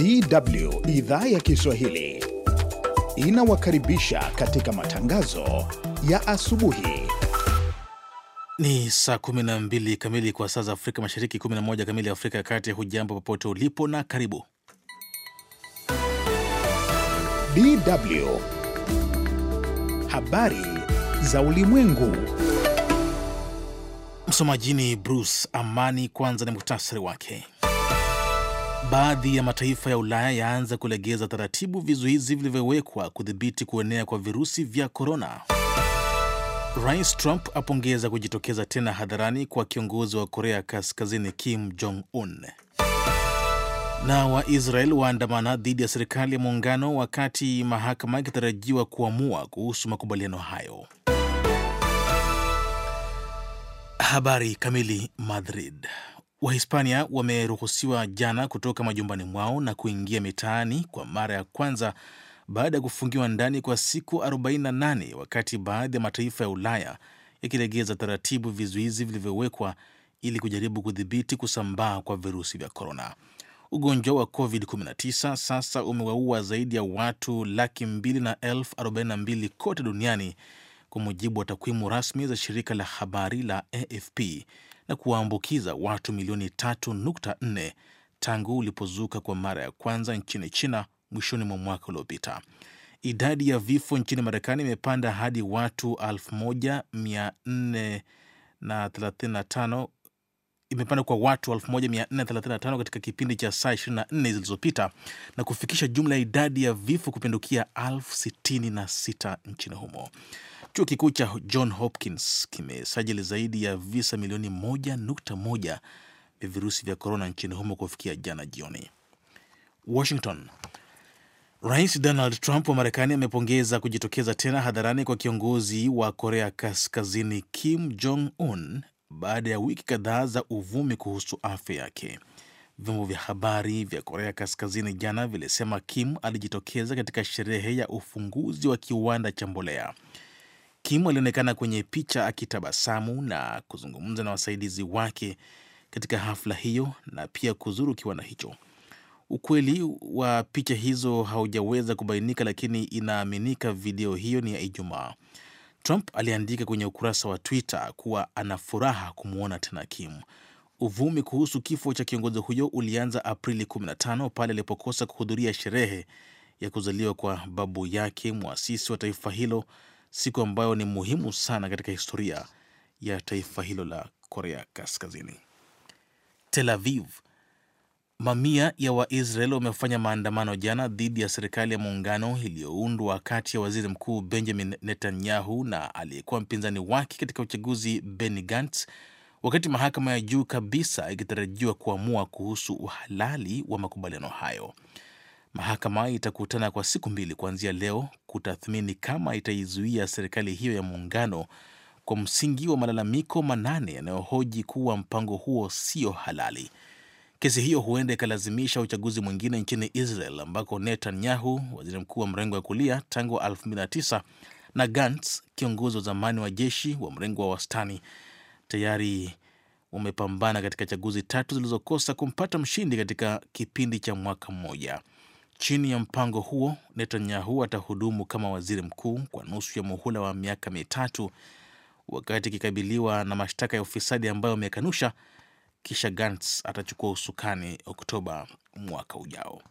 DW idhaa ya Kiswahili inawakaribisha katika matangazo ya asubuhi. Ni saa 12 kamili kwa saa za Afrika Mashariki, 11 kamili Afrika ya Kati. Hujambo popote ulipo na karibu. DW habari za ulimwengu. Msomaji ni Bruce Amani. Kwanza ni muhtasari wake. Baadhi ya mataifa ya Ulaya yaanza kulegeza taratibu vizuizi vilivyowekwa kudhibiti kuenea kwa virusi vya korona. Rais Trump apongeza kujitokeza tena hadharani kwa kiongozi wa Korea Kaskazini Kim Jong Un. Na Waisrael waandamana dhidi ya serikali ya muungano wakati mahakama ikitarajiwa kuamua kuhusu makubaliano hayo. Habari kamili. Madrid, Wahispania wameruhusiwa jana kutoka majumbani mwao na kuingia mitaani kwa mara ya kwanza baada ya kufungiwa ndani kwa siku 48 wakati baadhi ya mataifa ya Ulaya yakilegeza taratibu vizuizi vilivyowekwa ili kujaribu kudhibiti kusambaa kwa virusi vya korona. Ugonjwa wa COVID-19 sasa umewaua zaidi ya watu laki mbili na elfu arobaini na mbili kote duniani kwa mujibu wa takwimu rasmi za shirika la habari la AFP na kuwaambukiza watu milioni 3.4 tangu ulipozuka kwa mara ya kwanza nchini China mwishoni mwa mwaka uliopita. Idadi ya vifo nchini Marekani imepanda hadi watu 1435 imepanda kwa watu 1435 katika kipindi cha saa 24 zilizopita na kufikisha jumla ya idadi ya vifo kupindukia 66 nchini humo. Chuo kikuu cha John Hopkins kimesajili zaidi ya visa milioni moja nukta moja vya virusi vya korona nchini humo kufikia jana jioni. Washington. Rais Donald Trump wa Marekani amepongeza kujitokeza tena hadharani kwa kiongozi wa Korea Kaskazini Kim Jong Un baada ya wiki kadhaa za uvumi kuhusu afya yake. Vyombo vya habari vya Korea Kaskazini jana vilisema Kim alijitokeza katika sherehe ya ufunguzi wa kiwanda cha mbolea. Kim alionekana kwenye picha akitabasamu na kuzungumza na wasaidizi wake katika hafla hiyo na pia kuzuru kiwanda hicho. Ukweli wa picha hizo haujaweza kubainika, lakini inaaminika video hiyo ni ya Ijumaa. Trump aliandika kwenye ukurasa wa Twitter kuwa ana furaha kumwona tena Kim. Uvumi kuhusu kifo cha kiongozi huyo ulianza Aprili 15 pale alipokosa kuhudhuria sherehe ya kuzaliwa kwa babu yake, mwasisi wa taifa hilo siku ambayo ni muhimu sana katika historia ya taifa hilo la Korea Kaskazini. Tel Aviv, mamia ya waisrael wamefanya maandamano jana dhidi ya serikali ya muungano iliyoundwa kati ya waziri mkuu Benjamin Netanyahu na aliyekuwa mpinzani wake katika uchaguzi Benny Gantz, wakati mahakama ya juu kabisa ikitarajiwa kuamua kuhusu uhalali wa makubaliano hayo. Mahakama itakutana kwa siku mbili kuanzia leo kutathmini kama itaizuia serikali hiyo ya muungano kwa msingi wa malalamiko manane yanayohoji kuwa mpango huo sio halali. Kesi hiyo huenda ikalazimisha uchaguzi mwingine nchini Israel ambako Netanyahu, waziri mkuu wa mrengo wa kulia tangu 2009 na Gantz, kiongozi wa zamani wa jeshi wa mrengo wa wastani, tayari wamepambana katika chaguzi tatu zilizokosa kumpata mshindi katika kipindi cha mwaka mmoja. Chini ya mpango huo, Netanyahu atahudumu kama waziri mkuu kwa nusu ya muhula wa miaka mitatu, wakati akikabiliwa na mashtaka ya ufisadi ambayo amekanusha. Kisha Gantz atachukua usukani Oktoba mwaka ujao.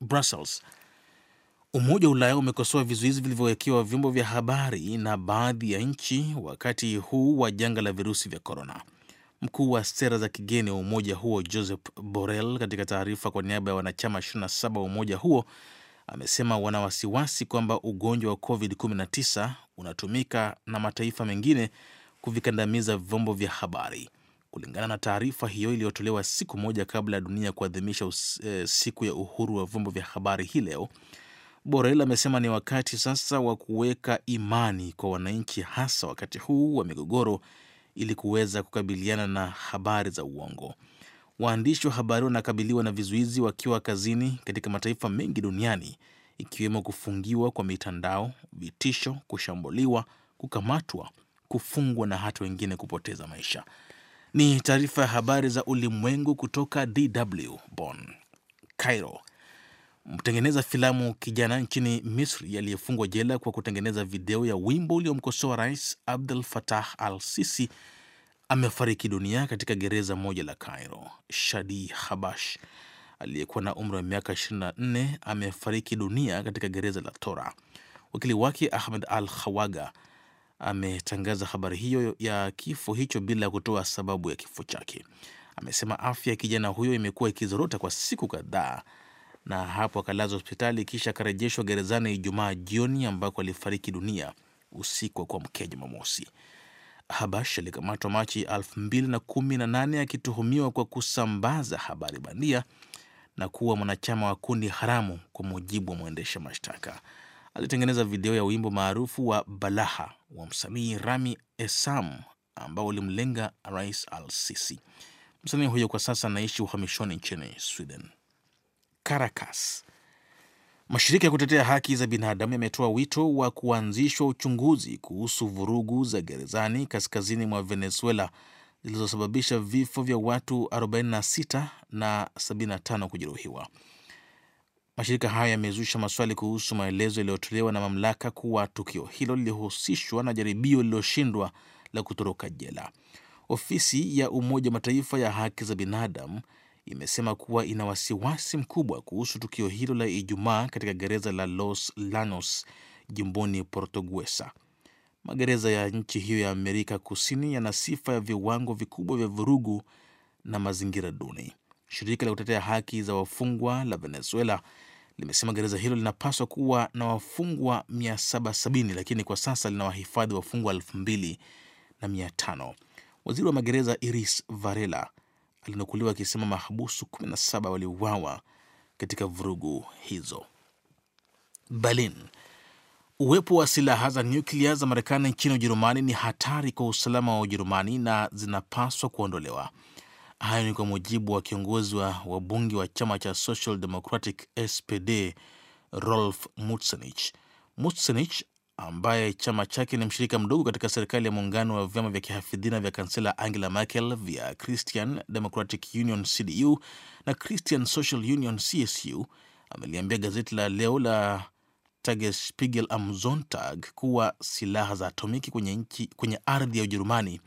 Brussels. Umoja wa Ulaya umekosoa vizuizi vilivyowekewa vyombo vya habari na baadhi ya nchi wakati huu wa janga la virusi vya korona. Mkuu wa sera za kigeni wa umoja huo Josep Borrell, katika taarifa kwa niaba ya wanachama 27 wa umoja huo, amesema wana wasiwasi kwamba ugonjwa wa COVID-19 unatumika na mataifa mengine kuvikandamiza vyombo vya habari. Kulingana na taarifa hiyo iliyotolewa siku moja kabla ya dunia kuadhimisha e, siku ya uhuru wa vyombo vya habari hii leo, Borrell amesema ni wakati sasa wa kuweka imani kwa wananchi, hasa wakati huu wa migogoro ili kuweza kukabiliana na habari za uongo. Waandishi wa habari wanakabiliwa na vizuizi wakiwa kazini katika mataifa mengi duniani, ikiwemo kufungiwa kwa mitandao, vitisho, kushambuliwa, kukamatwa, kufungwa na hata wengine kupoteza maisha. Ni taarifa ya habari za ulimwengu kutoka DW Bonn, Cairo, Mtengeneza filamu kijana nchini Misri aliyefungwa jela kwa kutengeneza video ya wimbo uliomkosoa Rais Abdel Fattah al-Sisi amefariki dunia katika gereza moja la Cairo. Shadi Habash aliyekuwa na umri wa miaka 24 amefariki dunia katika gereza la Tora. Wakili wake Ahmed al hawaga ametangaza habari hiyo ya kifo hicho bila kutoa sababu ya kifo chake. Amesema afya ya kijana huyo imekuwa ikizorota kwa siku kadhaa na hapo akalazwa hospitali kisha akarejeshwa gerezani Ijumaa jioni ambako alifariki dunia usiku wa kuamkia Jumamosi. Habash alikamatwa Machi 2018 akituhumiwa kwa kusambaza habari bandia na kuwa mwanachama wa kundi haramu, kwa mujibu wa mwendesha mashtaka. Alitengeneza video ya wimbo maarufu wa Balaha wa msanii Rami Esam ambao ulimlenga Rais Al Sisi. Msanii huyo kwa sasa anaishi uhamishoni nchini Sweden. Caracas. Mashirika ya kutetea haki za binadamu yametoa wito wa kuanzishwa uchunguzi kuhusu vurugu za gerezani kaskazini mwa Venezuela zilizosababisha vifo vya watu 46 na 75 kujeruhiwa. Mashirika hayo yamezusha maswali kuhusu maelezo yaliyotolewa na mamlaka kuwa tukio hilo lilihusishwa na jaribio lililoshindwa la kutoroka jela. Ofisi ya Umoja wa Mataifa ya haki za binadamu imesema kuwa ina wasiwasi mkubwa kuhusu tukio hilo la Ijumaa katika gereza la Los Llanos jimboni Portuguesa. Magereza ya nchi hiyo ya Amerika Kusini yana sifa ya viwango vikubwa vya vurugu na mazingira duni. Shirika la kutetea haki za wafungwa la Venezuela limesema gereza hilo linapaswa kuwa na wafungwa 770 lakini kwa sasa lina wahifadhi wafungwa 2500. Waziri wa magereza Iris Varela alinukuliwa akisema mahabusu 17 waliuawa katika vurugu hizo. Berlin. Uwepo wa silaha za nyuklia za Marekani nchini Ujerumani ni hatari kwa usalama wa Ujerumani na zinapaswa kuondolewa. Hayo ni kwa mujibu wa kiongozi wa wabunge wa chama cha Social Democratic SPD Rolf Mutsenich. Mutsenich ambaye chama chake ni mshirika mdogo katika serikali ya muungano wa vyama vya kihafidhina vya kansela Angela Merkel vya Christian Democratic Union CDU na Christian Social Union CSU, ameliambia gazeti la leo la Tagesspiegel am Sonntag kuwa silaha za atomiki kwenye, kwenye ardhi ya Ujerumani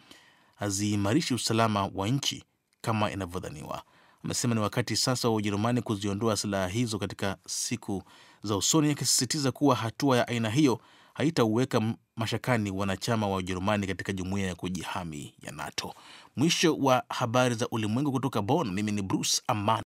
haziimarishi usalama wa nchi kama inavyodhaniwa. Amesema ni wakati sasa wa Ujerumani kuziondoa silaha hizo katika siku za usoni, akisisitiza kuwa hatua ya aina hiyo haitauweka mashakani wanachama wa Ujerumani katika jumuiya ya kujihami ya NATO. Mwisho wa habari za ulimwengu kutoka Bonn. Mimi ni Bruce aman